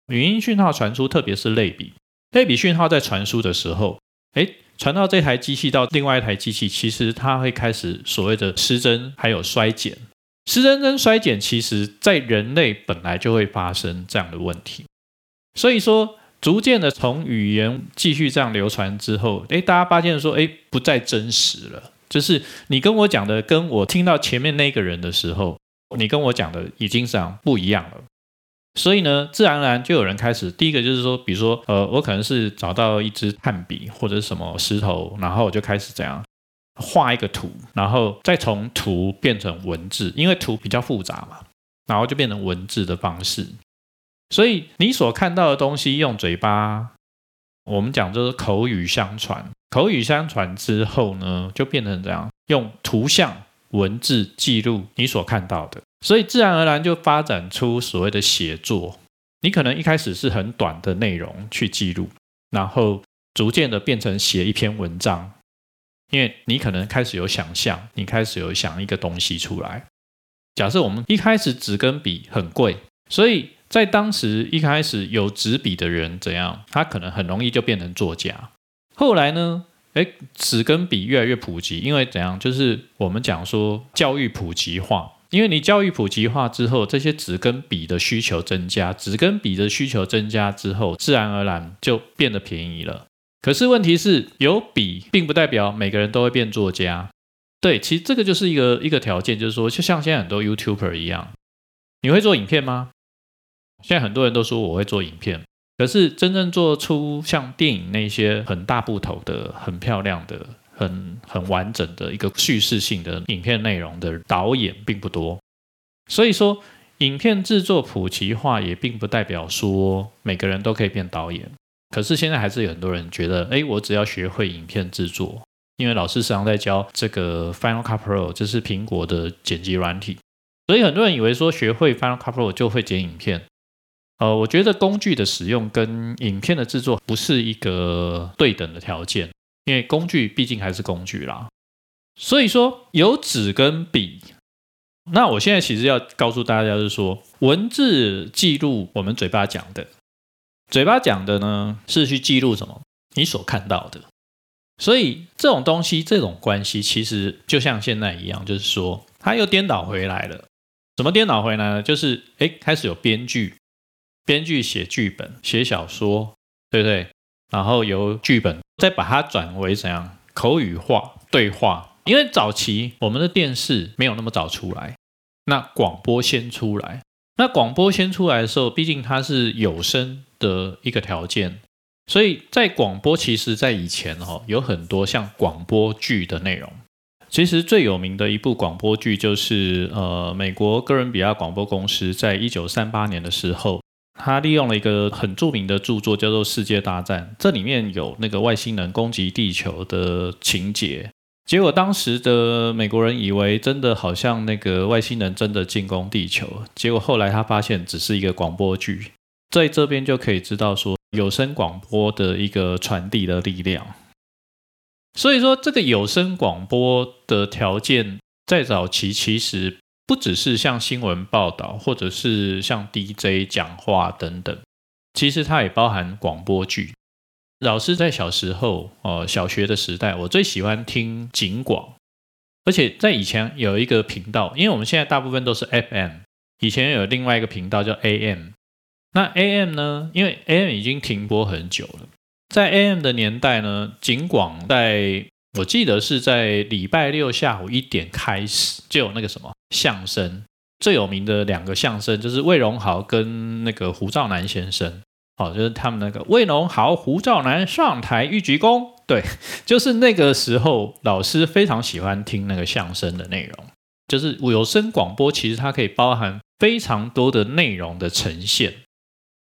影音訊號傳輸，特別是類比類比訊號在傳輸的時候，哎、欸，傳到這台機器到另外一台機器，其實它會開始所謂的失真，還有衰減。失真跟衰減，其實在人類本來就會發生這樣的問題，所以說，逐漸的從語言繼續這樣流傳之後，誒，大家發現說，誒，不再真實了，就是你跟我講的，跟我聽到前面那個人的時候，你跟我講的已經是不一樣了，所以呢，自然而然就有人開始，第一個就是說，比如說，呃，我可能是找到一支炭筆或者什麼石頭，然後我就開始這樣。畫一個圖，然後再從圖變成文字，因為圖比較複雜嘛，然後就變成文字的方式。所以你所看到的東西，用嘴巴，我們講就是口語相傳。口語相傳之後呢，就變成這樣，用圖像、文字記錄你所看到的。所以自然而然就發展出所謂的寫作。你可能一開始是很短的內容去記錄，然後逐漸的變成寫一篇文章。因為你可能開始有想象，你開始有想一個東西出來。假設我們一開始紙跟筆很貴，所以在當時一開始有紙筆的人怎樣，他可能很容易就變成作家。後來呢，誒，紙跟筆越來越普及，因為怎樣，就是我們講說教育普及化。因為你教育普及化之後，這些紙跟筆的需求增加，紙跟筆的需求增加之後，自然而然就變得便宜了。可是問題是有筆，並不代表每個人都會變作家。對，其實這個就是一個一個條件，就是說，就像現在很多 YouTuber 一樣，你會做影片嗎？現在很多人都說我會做影片，可是真正做出像電影那些很大部頭的、很漂亮的、很很完整的一個敘事性的影片內容的導演並不多。所以說，影片製作普及化也並不代表說每個人都可以變導演。可是現在還是有很多人覺得，欸，我只要學會影片製作，因為老師時常在教這個 Final Cut Pro，這是蘋果的剪輯軟體，所以很多人以為說學會 Final Cut Pro 就會剪影片。呃，我覺得工具的使用跟影片的製作不是一個對等的條件，因為工具畢竟還是工具啦。所以說有紙跟筆，那我現在其實要告訴大家就是說，文字記錄我們嘴巴講的。嘴巴講的呢，是去記錄什麼？你所看到的，所以這種東西，這種關係，其實就像現在一樣，就是說，它又顛倒回來了。什麼顛倒回來呢？就是誒、欸，開始有編劇，編劇寫劇本，寫小說，對不對？然後由劇本再把它轉為怎樣口語化對話？因為早期我們的電視沒有那麼早出來，那廣播先出來。那廣播先出來的時候，畢竟它是有聲的一個條件，所以在廣播，其實在以前哦，有很多像廣播劇的內容。其實最有名的一部廣播劇就是呃，美國哥倫比亞廣播公司在一九三八年的時候，他利用了一個很著名的著作叫做《世界大戰》，這裡面有那個外星人攻擊地球的情節。結果當時的美國人以為真的好像那個外星人真的進攻地球，結果後來他發現只是一個廣播劇。在這邊就可以知道說，有聲廣播的一個傳遞的力量，所以說這個有聲廣播的條件在早期其實不只是像新聞報道或者是像 DJ 講話等等，其實它也包含廣播劇。老師在小時候，呃，小學的時代，我最喜歡聽警廣，而且在以前有一個頻道，因為我們現在大部分都是 FM，以前有另外一個頻道叫 AM。那 AM 呢？因為 AM 已經停播很久了。在 AM 的年代呢，警廣在我記得是在禮拜六下午一點開始，就有那個什麼相聲，最有名的兩個相聲就是魏龍豪跟那個胡兆南先生，哦，就是他們那個魏龍豪、胡兆南上台欲鞠躬，對，就是那個時候老師非常喜歡聽那個相聲的內容，就是有聲廣播其實它可以包含非常多的內容的呈現。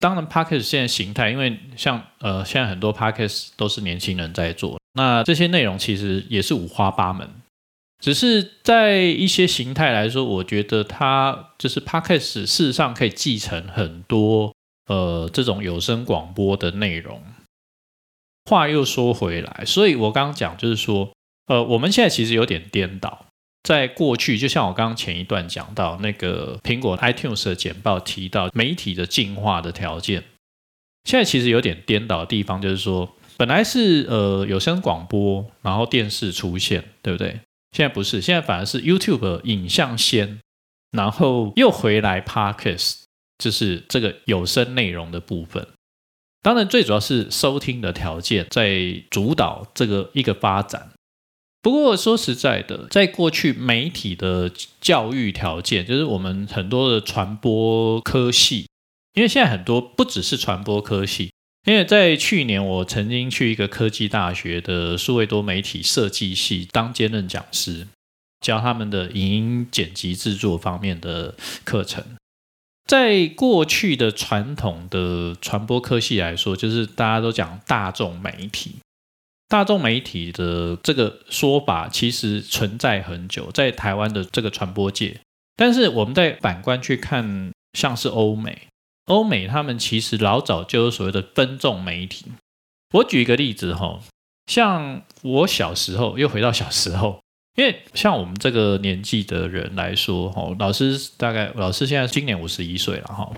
當然 Podcast 現在形態，因為像呃，現在很多 Podcast 都是年輕人在做，那這些內容其實也是五花八門，只是在一些形態來說，我覺得它就是 Podcast 事實上可以繼承很多呃這種有聲廣播的內容。話又說回來，所以我剛剛講就是說，呃，我們現在其實有點顛倒。在過去，就像我剛剛前一段講到那個蘋果 iTunes 的簡報提到，媒體的進化的條件，現在其實有點顛倒的地方，就是說，本來是呃有聲廣播，然後電視出現，對不對？現在不是，現在反而是 YouTube 影像先，然後又回來 Podcast，就是這個有聲內容的部分。當然，最主要是收聽的條件在主導這個一個發展。不過說實在的，在過去媒體的教育條件，就是我們很多的傳播科系，因為現在很多不只是傳播科系，因為在去年我曾經去一個科技大學的數位多媒體設計系當兼任講師，教他們的影音剪輯制作方面的課程。在過去的傳統的傳播科系來說，就是大家都講大眾媒體。大眾媒體的這個說法其實存在很久，在台灣的這個傳播界。但是，我們再反觀去看，像是歐美，歐美他們其實老早就有所謂的分眾媒體。我舉一個例子哈，像我小時候，又回到小時候，因為像我們這個年紀的人來說，哈，老師大概老師現在今年五十一歲了哈，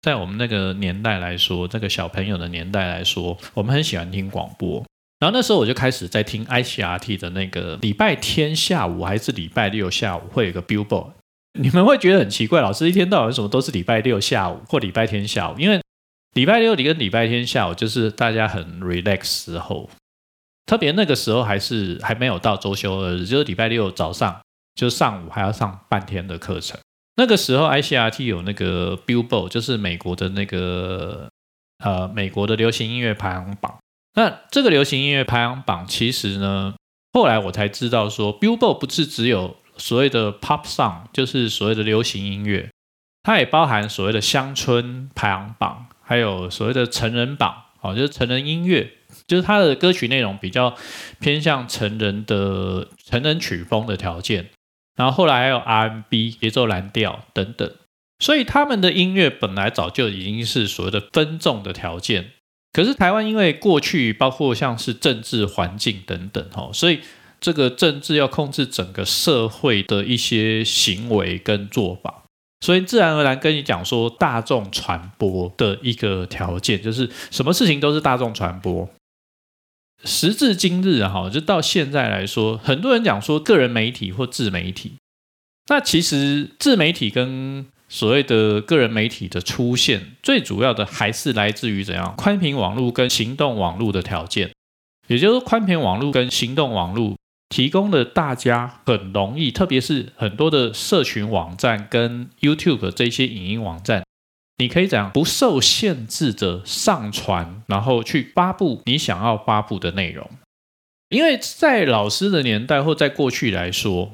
在我們那個年代來說，這個小朋友的年代來說，我們很喜歡聽廣播。然後那時候我就開始在聽 ICRT 的那個禮拜天下午還是禮拜六下午會有個 Billboard，你們會覺得很奇怪，老師一天到晚為什麼都是禮拜六下午或禮拜天下午？因為禮拜六跟禮拜天下午就是大家很 relax 時候，特別那個時候還是還沒有到周休，就是禮拜六早上就上午還要上半天的課程，那個時候 ICRT 有那個 Billboard，就是美國的那個呃美國的流行音樂排行榜。那這個流行音樂排行榜，其實呢，後來我才知道說，Billboard 不是只有所謂的 Pop Song，就是所謂的流行音樂，它也包含所謂的鄉村排行榜，還有所謂的成人榜，哦，就是成人音樂，就是它的歌曲內容比較偏向成人的成人曲風的條件。然後後來還有 R&B 節奏藍調等等，所以他們的音樂本來早就已經是所謂的分眾的條件。可是台灣因為過去包括像是政治環境等等哈，所以這個政治要控制整個社會的一些行為跟做法，所以自然而然跟你講說大眾傳播的一個條件就是什麼事情都是大眾傳播。時至今日哈，就到現在來說，很多人講說個人媒體或自媒體，那其實自媒體跟。所謂的個人媒體的出現，最主要的還是來自於怎樣寬頻網絡跟行動網絡的條件，也就是說，寬頻網絡跟行動網絡提供了大家很容易，特別是很多的社群網站跟 YouTube 這些影音網站，你可以怎樣不受限制的上傳，然後去發布你想要發布的內容，因為在老師的年代或在過去來說。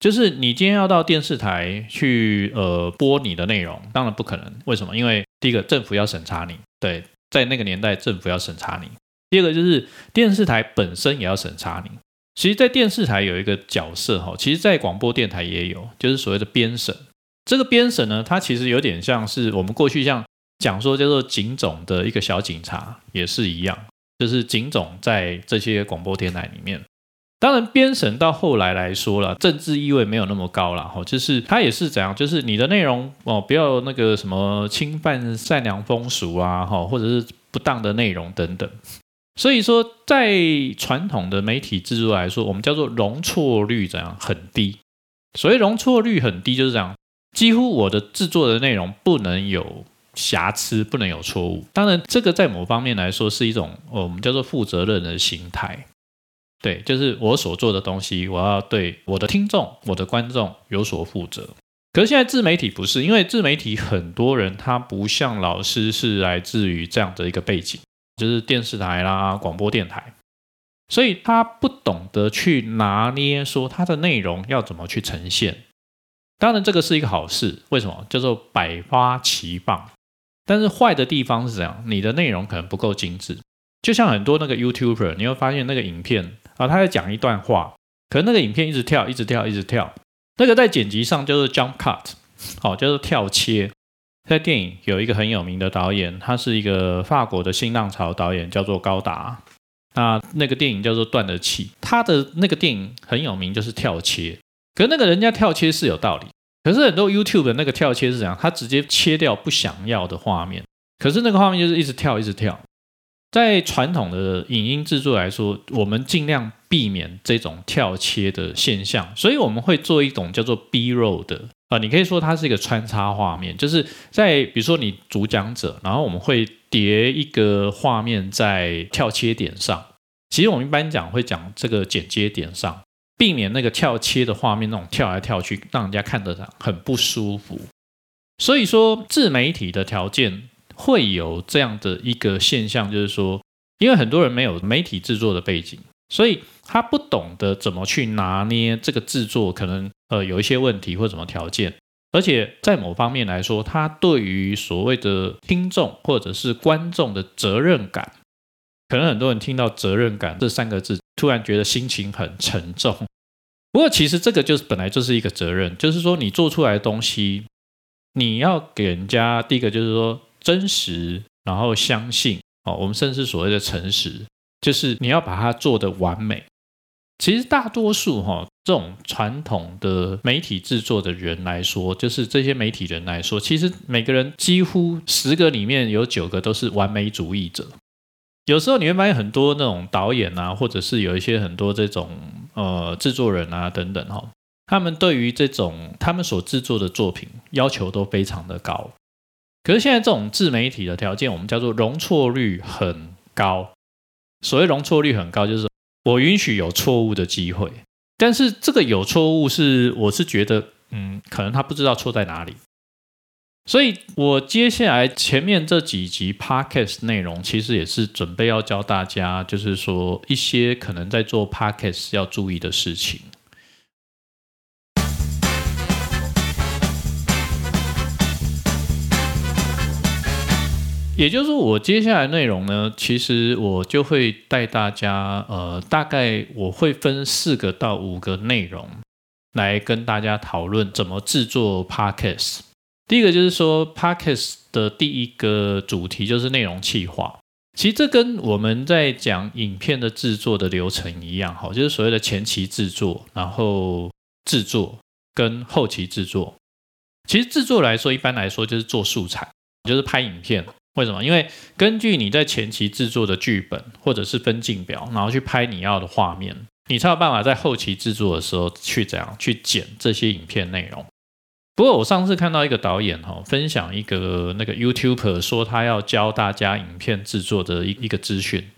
就是你今天要到電視台去呃播你的內容，當然不可能。為什麼？因為第一個，政府要審查你；對，在那個年代，政府要審查你。第二個就是電視台本身也要審查你。其實，在電視台有一個角色哈，其實在廣播電台也有，就是所謂的編審。這個編審呢，它其實有點像是我們過去像講說叫做警總的一個小警察也是一樣，就是警總在這些廣播電台裡面。當然，編審到後來來說了，政治意味沒有那麼高了哈，就是它也是怎樣，就是你的內容哦，不要那個什麼侵犯善良風俗啊，哈，或者是不當的內容等等。所以說，在傳統的媒體製作來說，我們叫做容錯率怎樣很低。所以容錯率很低，就是這樣，幾乎我的製作的內容不能有瑕疵，不能有錯誤。當然，這個在某方面來說是一種我們叫做負責任的心態。對，就是我所做的東西，我要對我的聽眾、我的觀眾有所負責。可是現在自媒體不是，因為自媒體很多人他不像老師，是來自於這樣的一個背景，就是電視台啦、廣播電台，所以他不懂得去拿捏說他的內容要怎麼去呈現。當然，這個是一個好事，為什麼叫做百花齊放？但是壞的地方是怎樣，你的內容可能不夠精緻。就像很多那個 YouTuber，你會發現那個影片。啊，他在講一段話，可那個影片一直跳，一直跳，一直跳。那個在剪輯上叫做 jump cut，好、哦，叫做跳切。在電影有一個很有名的導演，他是一個法國的新浪潮導演，叫做高達。那那個電影叫做《斷了氣》，他的那個電影很有名，就是跳切。可是那個人家跳切是有道理，可是很多 YouTube 的那個跳切是怎樣？他直接切掉不想要的畫面，可是那個畫面就是一直跳，一直跳。在傳統的影音製作來說，我們盡量避免這種跳切的現象，所以我們會做一種叫做 B roll 的啊，road, 呃、你可以說它是一個穿插畫面，就是在比如說你主講者，然後我們會疊一個畫面在跳切點上。其實我們一般講會講這個剪接點上，避免那個跳切的畫面那種跳來跳去，讓人家看得很不舒服。所以說自媒體的條件。會有這樣的一個現象，就是說，因為很多人沒有媒體製作的背景，所以他不懂得怎麼去拿捏這個製作，可能呃有一些問題或什麼條件，而且在某方面來說，他對於所謂的聽眾或者是觀眾的責任感，可能很多人聽到“責任感”這三個字，突然覺得心情很沉重。不過其實這個就是本來就是一個責任，就是說你做出來的東西，你要給人家第一個就是說。真實，然後相信哦，我們甚至所謂的誠實，就是你要把它做得完美。其實大多數哈、哦，這種傳統的媒體制作的人來說，就是這些媒體人來說，其實每個人幾乎十個裡面有九個都是完美主義者。有時候你會發現很多那種導演啊，或者是有一些很多這種呃制作人啊等等哈、哦，他們對於這種他們所制作的作品要求都非常的高。可是現在這種自媒體的條件，我們叫做容錯率很高。所謂容錯率很高，就是我允許有錯誤的機會，但是這個有錯誤是，我是覺得，嗯，可能他不知道錯在哪裡。所以我接下來前面這幾集 podcast 內容，其實也是準備要教大家，就是說一些可能在做 podcast 要注意的事情。也就是說我接下來內容呢，其實我就會帶大家，呃，大概我會分四個到五個內容來跟大家討論怎麼製作 Podcast。第一個就是說 Podcast 的第一個主題就是內容企劃，其實這跟我們在講影片的制作的流程一樣，好，就是所謂的前期制作，然後制作跟後期制作。其實制作來說，一般來說就是做素材，就是拍影片。為什麼？因為根據你在前期製作的劇本或者是分鏡表，然後去拍你要的畫面，你才有辦法在後期製作的時候去怎樣去剪這些影片內容。不過我上次看到一個導演哈、哦、分享一個那個 YouTuber 說他要教大家影片制作的一一個資訊，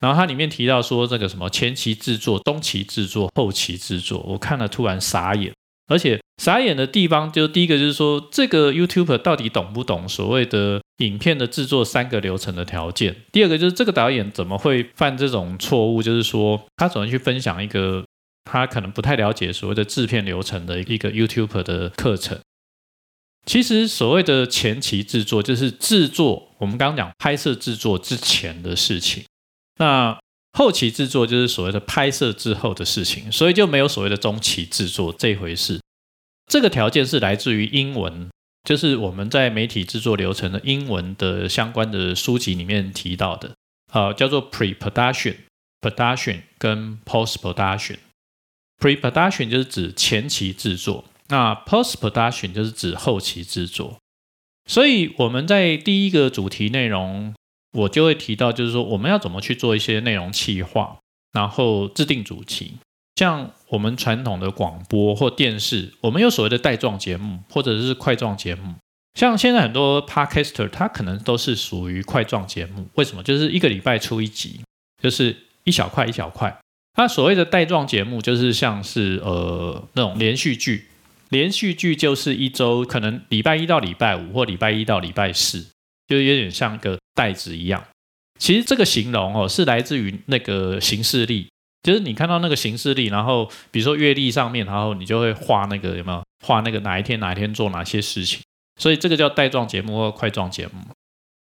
然後他裡面提到說這個什麼前期制作、中期制作、後期制作，我看了突然傻眼。而且傻眼的地方，就第一個就是說，這個 YouTuber 到底懂不懂所謂的影片的制作，三個流程的條件？第二個就是這個導演怎麼會犯這種錯誤？就是說，他怎麼去分享一個他可能不太了解所謂的製片流程的一個 YouTuber 的課程？其實所謂的前期制作就是制作，我們剛講拍攝制作之前的事情。那後期製作就是所謂的拍攝之後的事情，所以就沒有所謂的中期製作這回事。這個條件是來自於英文，就是我們在媒體製作流程的英文的相關的書籍裡面提到的，呃，叫做 pre-production、production, production 跟 post-production。pre-production pre 就是指前期製作，那 post-production 就是指後期製作。所以我們在第一個主題內容，我就會提到，就是說我們要怎麼去做一些內容企劃，然後制定主題。像我們傳統的廣播或電視，我們有所謂的帶狀節目或者是塊狀節目。像現在很多 podcaster，它可能都是屬於塊狀節目。為什麼？就是一個禮拜出一集，就是一小塊一小塊。那所謂的帶狀節目，就是像是呃那種連續劇。連續劇就是一周，可能禮拜一到禮拜五，或禮拜一到禮拜四。就有點像個帶子一樣，其實這個形容哦是來自於那個行事曆。就是你看到那個行事曆，然後比如說月曆上面，然後你就會畫那個有沒有畫那個哪一天哪一天做哪些事情，所以這個叫帶狀節目或塊狀節目。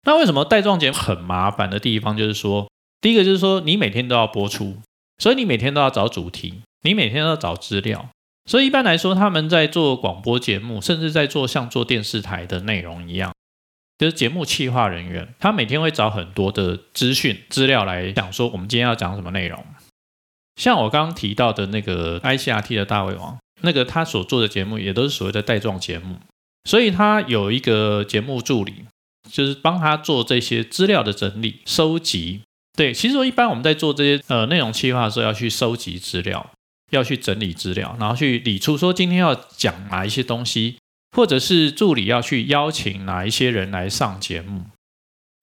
那為什麼帶狀節目很麻煩的地方就是說，第一個就是說你每天都要播出，所以你每天都要找主題，你每天都要找資料，所以一般來說他們在做廣播節目，甚至在做像做電視台的內容一樣。就是節目企劃人員，他每天會找很多的資訊資料來講說，我們今天要講什麼內容。像我剛剛提到的那個 ICRT 的大衛王，那個他所做的節目也都是所謂的帶狀節目，所以他有一個節目助理，就是幫他做這些資料的整理、收集。對，其實一般我們在做這些呃內容企劃的時候，要去收集資料，要去整理資料，然後去理出說今天要講哪一些東西。或者是助理要去邀請哪一些人來上節目，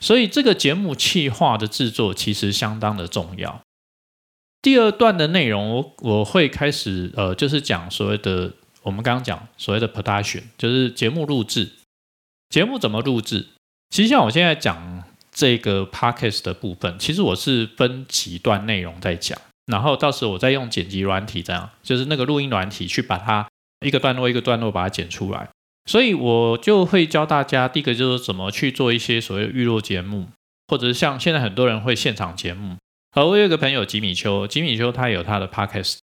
所以這個節目企劃的制作其實相當的重要。第二段的內容，我我會開始呃，就是講所謂的我們剛剛講所謂的 production，就是節目錄製，節目怎麼錄製？其實像我現在講這個 podcast 的部分，其實我是分幾段內容在講，然後到時候我再用剪輯軟體，這樣就是那個錄音軟體去把它一個段落一個段落把它剪出來。所以，我就會教大家，第一個就是怎麼去做一些所謂的娛樂節目，或者是像現在很多人會現場節目。而我有一個朋友吉米丘，吉米丘他有他的 Podcast，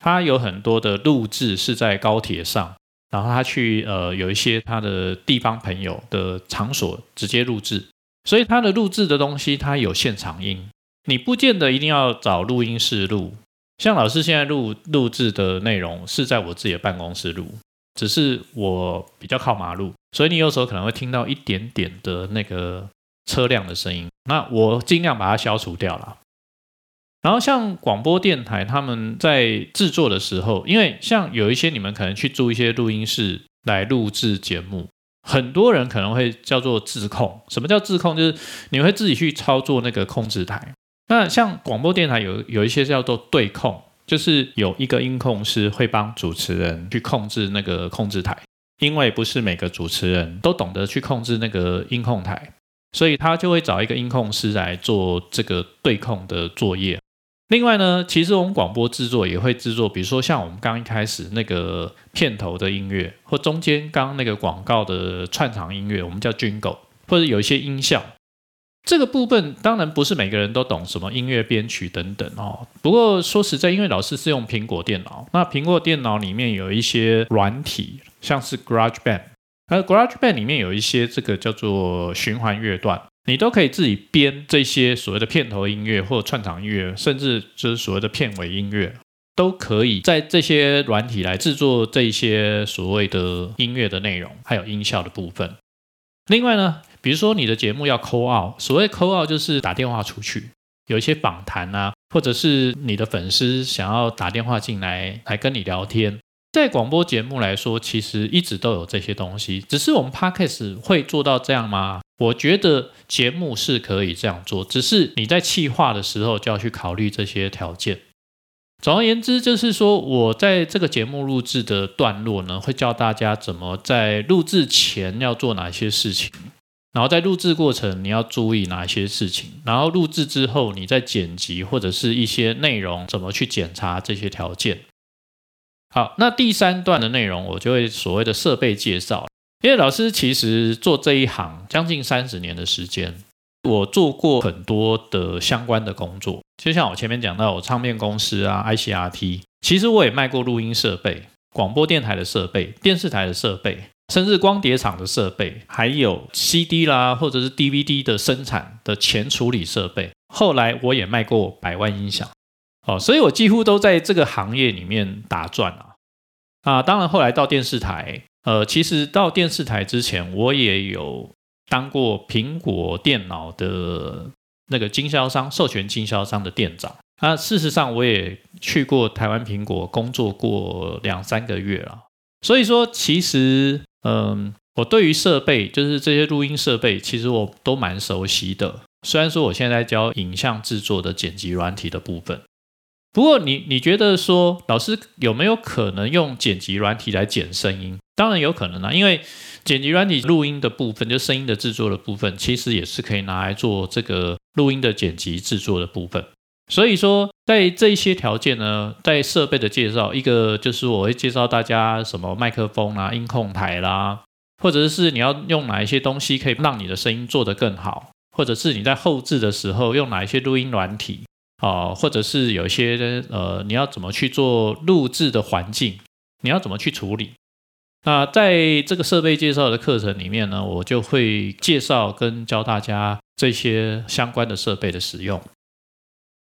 他有很多的錄制是在高鐵上，然後他去呃有一些他的地方朋友的場所直接錄制，所以他的錄制的東西他有現場音，你不見得一定要找錄音室錄。像老師現在錄錄制的內容是在我自己的辦公室錄。只是我比較靠馬路，所以你有時候可能會聽到一點點的那個車輛的聲音。那我盡量把它消除掉啦。然後像廣播電台，他們在制作的時候，因為像有一些你們可能去租一些錄音室來錄制節目，很多人可能會叫做自控。什麼叫自控？就是你會自己去操作那個控制台。那像廣播電台有有一些叫做對控。就是有一個音控師會幫主持人去控制那個控制台，因為不是每個主持人都懂得去控制那個音控台，所以他就會找一個音控師來做這個對控的作業。另外呢，其實我們廣播制作也會制作，比如說像我們剛一開始那個片頭的音樂，或中間剛那個廣告的串場音樂，我們叫 Jingle，或者有一些音效。這個部分當然不是每個人都懂什麼音樂編曲等等哦。不過說實在，因為老師是用蘋果電腦，那蘋果電腦裡面有一些軟體，像是 GarageBand，而 GarageBand 裡面有一些這個叫做循環樂段，你都可以自己編這些所謂的片頭音樂或串場音樂，甚至就是所謂的片尾音樂，都可以在這些軟體來制作這些所謂的音樂的內容，還有音效的部分。另外呢。比如說，你的節目要 call out，所謂 call out 就是打電話出去，有一些訪談啊，或者是你的粉絲想要打電話進來來跟你聊天，在廣播節目來說，其實一直都有這些東西，只是我們 podcast 會做到這樣嗎？我覺得節目是可以這樣做，只是你在企劃的時候就要去考慮這些條件。總而言之，就是說我在這個節目錄製的段落呢，會教大家怎麼在錄製前要做哪些事情。然後在錄製過程，你要注意哪些事情？然後錄製之後，你再剪輯或者是一些內容，怎麼去檢查這些條件？好，那第三段的內容，我就會所謂的設備介紹。因為老師其實做這一行將近三十年的時間，我做過很多的相關的工作。就像我前面講到，我唱片公司啊，ICRT，其實我也賣過錄音設備、廣播電台的設備、電視台的設備。甚至光碟廠的設備，還有 CD 啦，或者是 DVD 的生產的前處理設備。後來我也賣過百萬音響，哦，所以我幾乎都在這個行業裡面打轉啊。啊，當然後來到電視台，呃，其實到電視台之前，我也有當過蘋果電腦的那個經銷商、授權經銷商的店長。啊，事實上我也去過台灣蘋果工作過兩三個月了。所以說，其實。嗯，我對於設備就是這些錄音設備，其實我都蠻熟悉的。雖然說我現在教影像制作的剪輯軟體的部分，不過你你覺得說老師有沒有可能用剪輯軟體來剪聲音？當然有可能啦，啊，因為剪輯軟體錄音的部分，就聲音的製作的部分，其實也是可以拿來做這個錄音的剪輯製作的部分。所以說，在這些條件呢，在設備的介紹，一個就是我會介紹大家什麼麥克風啦、啊、音控台啦、啊，或者是你要用哪一些東西可以讓你的聲音做得更好，或者是你在後製的時候用哪一些錄音軟體、呃、或者是有一些呃，你要怎麼去做錄製的環境，你要怎麼去處理。那在這個設備介紹的課程裡面呢，我就會介紹跟教大家這些相關的設備的使用。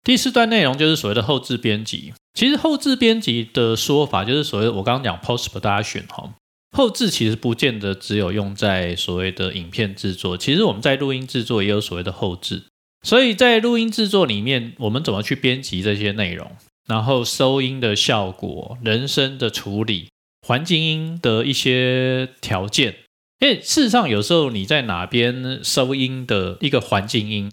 第四段內容就是所謂的後置編輯。其實後置編輯的說法，就是所謂我剛剛講 post production 哈。後置其實不見得只有用在所謂的影片製作，其實我們在錄音製作也有所謂的後置。所以在錄音製作裡面，我們怎麼去編輯這些內容，然後收音的效果、人聲的處理、環境音的一些條件，因為事實上有時候你在哪邊收音的一個環境音，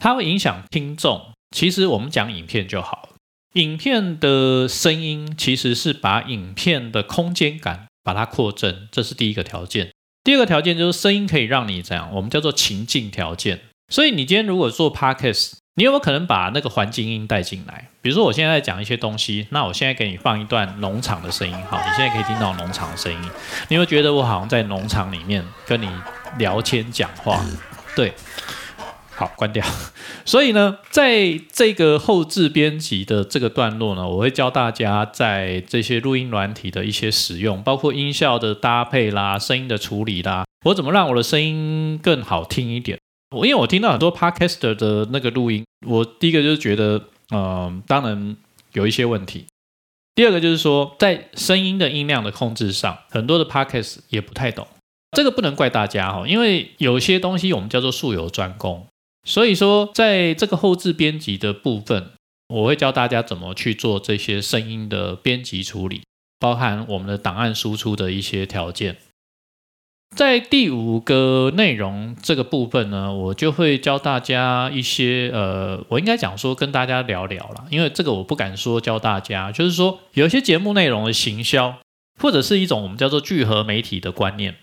它會影響聽眾。其實我們講影片就好，影片的聲音其實是把影片的空間感把它擴增，這是第一個條件。第二個條件就是聲音可以讓你怎樣，我們叫做情境條件。所以你今天如果做 podcast，你有沒有可能把那個環境音帶進來？比如說我現在在講一些東西，那我現在給你放一段農場的聲音，哈，你現在可以聽到農場的聲音。你會覺得我好像在農場裡面跟你聊天講話，對。好，關掉。所以呢，在這個後置編輯的這個段落呢，我會教大家在這些錄音軟體的一些使用，包括音效的搭配啦、聲音的處理啦，我怎麼讓我的聲音更好聽一點。我因為我聽到很多 podcaster 的那個錄音，我第一個就是覺得，嗯、呃，當然有一些問題。第二個就是說，在聲音的音量的控制上，很多的 podcast 也不太懂。這個不能怪大家哦，因為有些東西我們叫做術有專攻。所以說，在這個後製編輯的部分，我會教大家怎麼去做這些聲音的編輯處理，包含我們的檔案輸出的一些條件。在第五個內容這個部分呢，我就會教大家一些，呃，我應該講說跟大家聊聊啦，因為這個我不敢說教大家，就是說有一些節目內容的行銷，或者是一種我們叫做聚合媒體的觀念。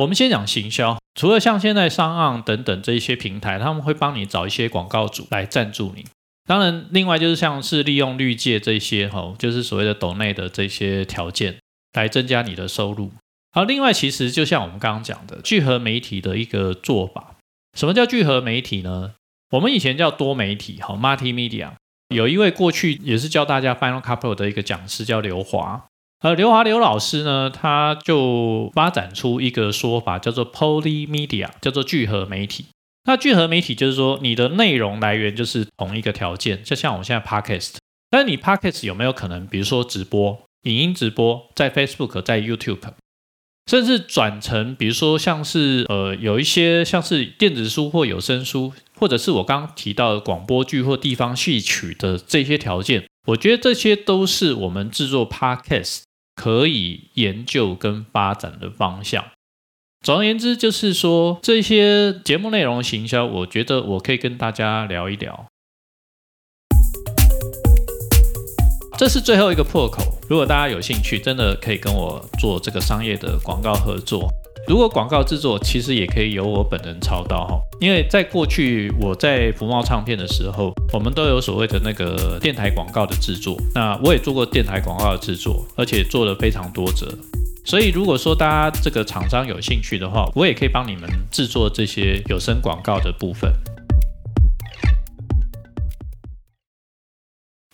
我們先講行銷。除了像現在商岸等等這些平台，他們會幫你找一些廣告主來贊助你。當然，另外就是像是利用綠界這些，就是所謂的抖內的這些條件，來增加你的收入。好，另外其實就像我們剛剛講的，聚合媒體的一個做法。什麼叫聚合媒體呢？我們以前叫多媒體哈，multimedia。有一位過去也是教大家 Final Cut Pro 的一個講師叫劉華。呃，而劉華劉老師呢，他就發展出一個說法，叫做 Polymedia，叫做聚合媒體。那聚合媒體就是說，你的內容來源就是同一個條件，就像我現在 Podcast。但你 Podcast 有沒有可能，比如說直播、影音直播，在 Facebook、在 YouTube，甚至轉成，比如說像是呃有一些像是電子書或有聲書，或者是我剛提到的廣播劇或地方戲曲的這些條件，我覺得這些都是我們製作 Podcast。可以研究跟發展的方向。總而言之，就是說這些節目內容的行銷，我覺得我可以跟大家聊一聊。這是最後一個破口，如果大家有興趣，真的可以跟我做這個商業的廣告合作。如果廣告製作其實也可以由我本人操刀哈，因為在過去我在福茂唱片的時候，我們都有所謂的那個電台廣告的制作，那我也做過電台廣告的制作，而且做了非常多則。所以如果說大家這個廠商有興趣的話，我也可以幫你們制作這些有聲廣告的部分。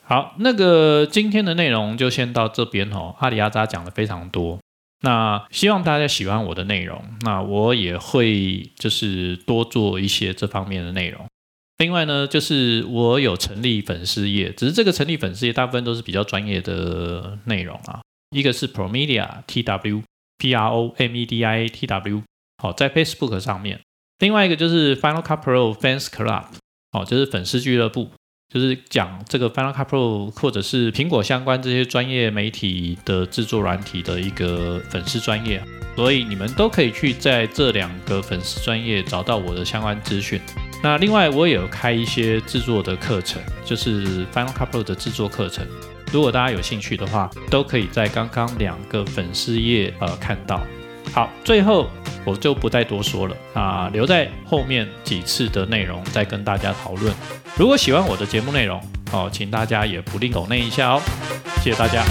好，那個今天的內容就先到這邊哦，阿里阿扎講的非常多。那希望大家喜歡我的內容，那我也會就是多做一些這方面的內容。另外呢，就是我有成立粉絲頁，只是這個成立粉絲頁大部分都是比較專業的內容啊。一個是 Promedia、e、T W P R O M E D I A T W 好，在 Facebook 上面，另外一個就是 Final Cut Pro Fans Club 好、哦、就是粉絲俱樂部。就是講這個 Final Cut Pro 或者是蘋果相關這些專業媒體的制作軟體的一個粉絲專頁，所以你們都可以去在這兩個粉絲專頁找到我的相關資訊。那另外我也有開一些制作的課程，就是 Final Cut Pro 的制作課程，如果大家有興趣的話，都可以在剛剛兩個粉絲頁呃看到。好，最後我就不再多說了啊，留在後面幾次的內容再跟大家討論。如果喜歡我的節目內容，哦，請大家也不吝抖內一下哦，謝謝大家。